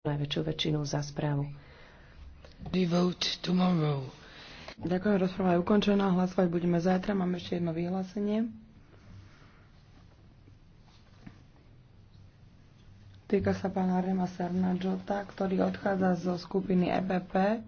najväčšou väčšinou za správu. Ďakujem, rozpráva je ukončená. Hlasovať budeme zajtra. Máme ešte jedno vyhlásenie. Týka sa pána Rema Sernadžota, ktorý odchádza zo skupiny EPP.